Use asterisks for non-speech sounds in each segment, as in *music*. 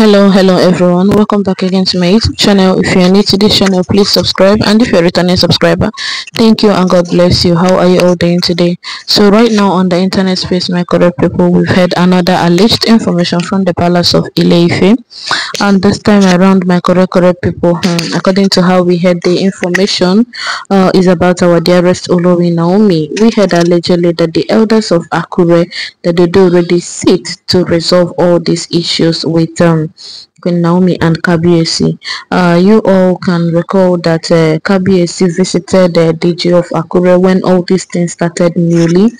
hello hello everyone welcome back again to my youtube channel if you are new to this channel please subscribe and if you're a returning subscriber thank you and god bless you how are you all doing today so right now on the internet space my correct people we've had another alleged information from the palace of ileife and this time around my correct correct people hmm, according to how we had the information uh, is about our dearest Olori Naomi we had allegedly that the elders of Akure that they do already sit to resolve all these issues with um Queen Naomi and Kabiesi. Uh, you all can recall that uh, Kabiesi visited uh, DG of Akure when all these things started newly.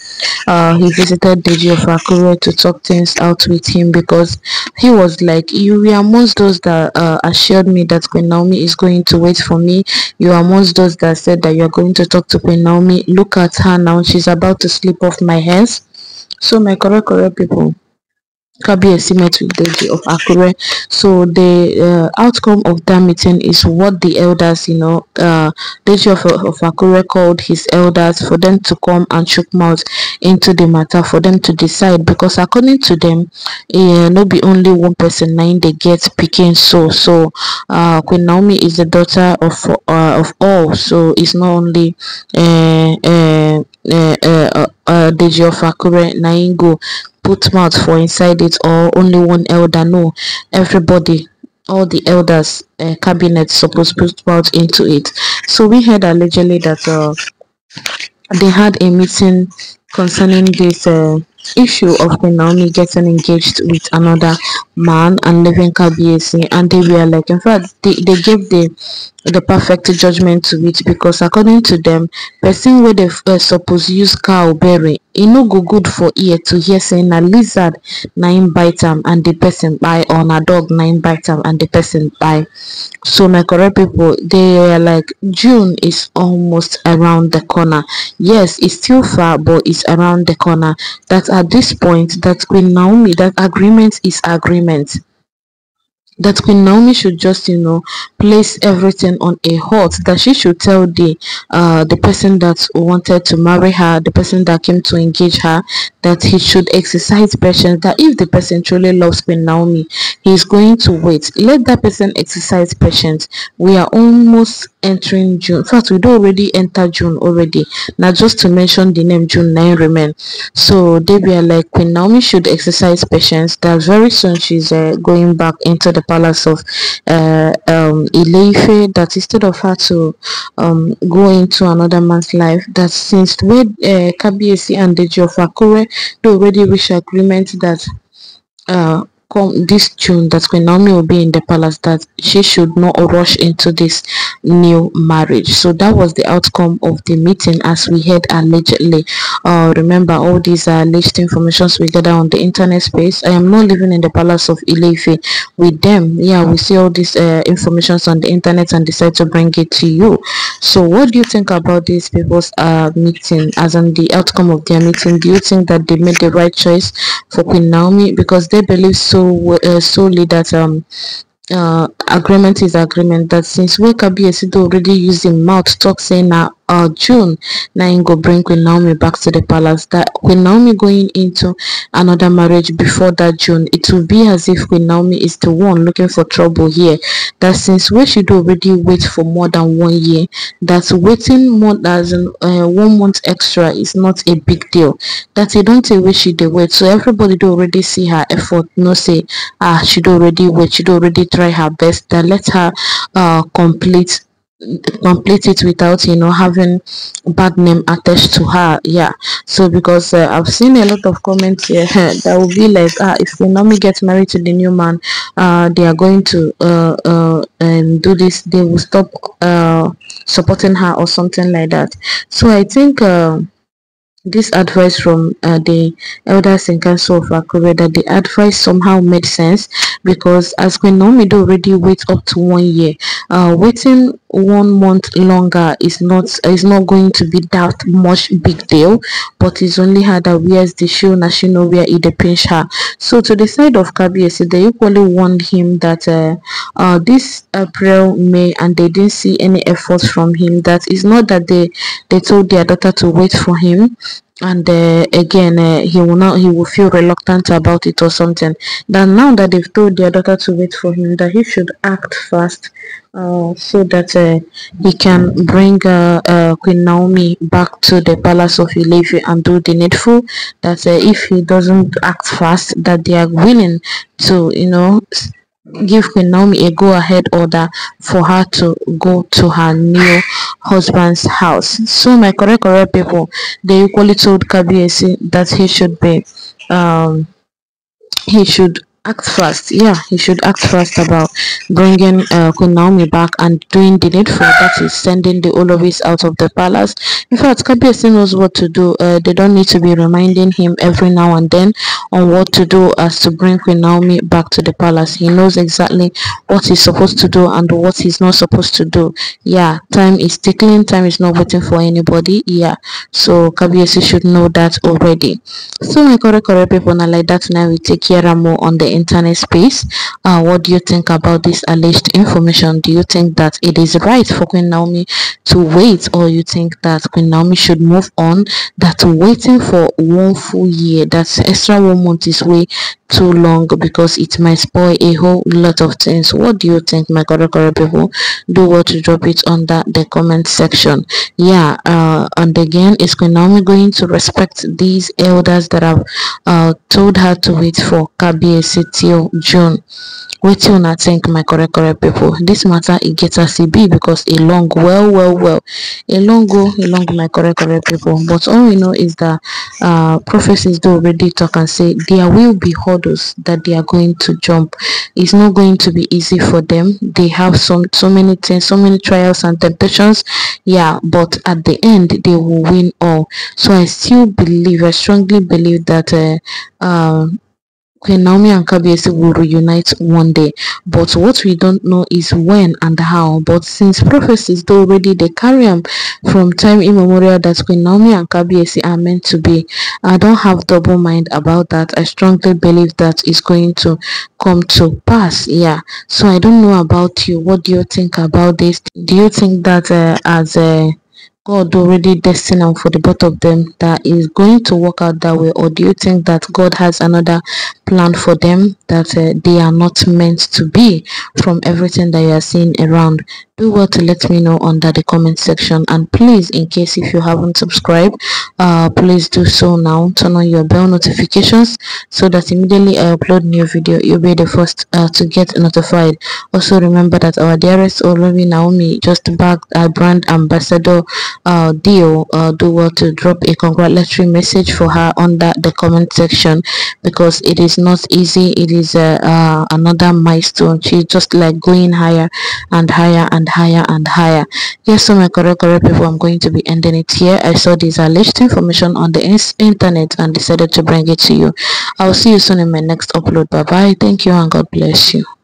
Uh, he visited DG of Akure to talk things out with him because he was like, you are amongst those that uh, assured me that Queen Naomi is going to wait for me. You are amongst those that said that you are going to talk to Queen Naomi. Look at her now. She's about to slip off my hands. So my correct, correct people Kabiesimetu Deji of Akure. So the uh, outcome of that meeting is what the elders, you know, uh, Deji of, of Akure called his elders for them to come and choke mouth into the matter for them to decide because according to them, uh, eh, will be only one person nine they get picking so so uh, Queen Naomi is the daughter of uh, of all, so it's not only eh, eh, uh, uh, uh, uh, uh, Deji of Akure Naingo put mouth for inside it or only one elder no everybody all the elders uh, cabinet supposed to put mouth into it so we heard allegedly that uh, they had a meeting concerning this uh, issue of the Naomi getting engaged with another man and leaving KBAC and they were like in fact they, they gave the the perfect judgment to it because according to them person where they uh, eh, to use cow berry e no go good for ear to hear say na lizard na im bite am and the person buy or na dog na im bite am and the person buy so my correct people they are like june is almost around the corner yes it's still far but it's around the corner that at this point that queen naomi that agreement is agreement that Queen Naomi should just, you know, place everything on a halt, that she should tell the uh, the person that wanted to marry her, the person that came to engage her, that he should exercise patience, that if the person truly loves Queen Naomi, he is going to wait. Let that person exercise patience. We are almost entering June. In fact, we do already enter June already. Now, just to mention the name June 9 remain. So they be like, Queen Naomi should exercise patience, that very soon she's uh, going back into the palace of uh, um, Ileife that instead of her to um, go into another man's life, that since with uh, Kabiesi and the Akure, they already reached agreement that uh, come this June that Queen Naomi will be in the palace that she should not rush into this new marriage. So that was the outcome of the meeting as we heard allegedly. Uh, remember all these are alleged informations we gather on the internet space. I am not living in the palace of Ilefe with them. Yeah, we see all these uh, informations on the internet and decide to bring it to you. So what do you think about these people's uh, meeting as on the outcome of their meeting? Do you think that they made the right choice for Queen Naomi because they believe so so uh, solely that um uh, agreement is agreement that since we Wekabi Esido already used mouth talk saying now uh, June, go bring Queen Naomi back to the palace. That Queen Naomi going into another marriage before that June, it will be as if Queen Naomi is the one looking for trouble here. That since we should already wait for more than one year, that waiting more than uh, one month extra is not a big deal. That they don't say she should wait. So everybody do already see her effort. No say, ah, she do already wait. She do already try her best. That let her uh, complete complete it without you know having bad name attached to her yeah so because uh, i've seen a lot of comments here *laughs* that will be like ah if Naomi gets married to the new man uh they are going to uh uh and um, do this they will stop uh supporting her or something like that so i think uh this advice from uh, the elders in council of Akure that the advice somehow made sense because as Queen Naomi already wait up to one year, uh, waiting one month longer is not is not going to be that much big deal but it's only her that wears the shoe now she know where it depends her so to the side of said they equally warned him that uh, uh, this april may and they didn't see any efforts from him that it's not that they they told their daughter to wait for him and uh, again uh, he will not he will feel reluctant about it or something that now that they've told their daughter to wait for him that he should act fast uh, so that uh, he can bring uh, uh, Queen Naomi back to the palace of Ilefi and do the needful that if he doesn't act fast that they are willing to you know give Queen Naomi a go-ahead order for her to go to her new husband's house. So my correct correct people, they equally told Kabiesi that he should be um he should act fast yeah he should act fast about bringing uh, queen naomi back and doing the needful that is sending the olovis out of the palace in fact kabiyesi knows what to do uh, they don't need to be reminding him every now and then on what to do as to bring queen naomi back to the palace he knows exactly what he's supposed to do and what he's not supposed to do yeah time is ticking time is not waiting for anybody yeah so kabiyesi should know that already so my correct correct people now like that now we take care more on the internet space. Uh, what do you think about this alleged information? Do you think that it is right for Queen Naomi to wait or you think that Queen Naomi should move on? That waiting for one full year, that's extra one month is way too long because it might spoil a whole lot of things what do you think my correct people do what to drop it under the comment section yeah uh, and again is Queen Naomi going to respect these elders that have uh, told her to wait for Kabiesi till June Wait till not think my correct correct people this matter it gets a CB because a long well well well a long go along my correct correct people but all we know is that uh prophecies do already talk and say there will be hot that they are going to jump it's not going to be easy for them they have some so many things so many trials and temptations yeah but at the end they will win all so i still believe i strongly believe that uh, uh, Queen Naomi and Kabiesi will reunite one day, but what we don't know is when and how. But since prophecies do already they carry them from time immemorial that Queen Naomi and Kabiesi are meant to be, I don't have double mind about that. I strongly believe that it's going to come to pass. Yeah. So I don't know about you. What do you think about this? Do you think that uh, as a uh, God already destined them for the both of them that is going to work out that way or do you think that God has another plan for them that uh, they are not meant to be from everything that you are seeing around do well to let me know under the comment section and please in case if you haven't subscribed uh, please do so now turn on your bell notifications so that immediately i upload new video you'll be the first uh, to get notified also remember that our dearest Olori Naomi just bagged a brand ambassador uh, deal uh, do well to drop a congratulatory message for her under the comment section because it is not easy it is uh, uh, another milestone she's just like going higher and higher and higher and higher. Yes, so my correct, correct people, I'm going to be ending it here. I saw this alleged information on the internet and decided to bring it to you. I'll see you soon in my next upload. Bye-bye. Thank you and God bless you.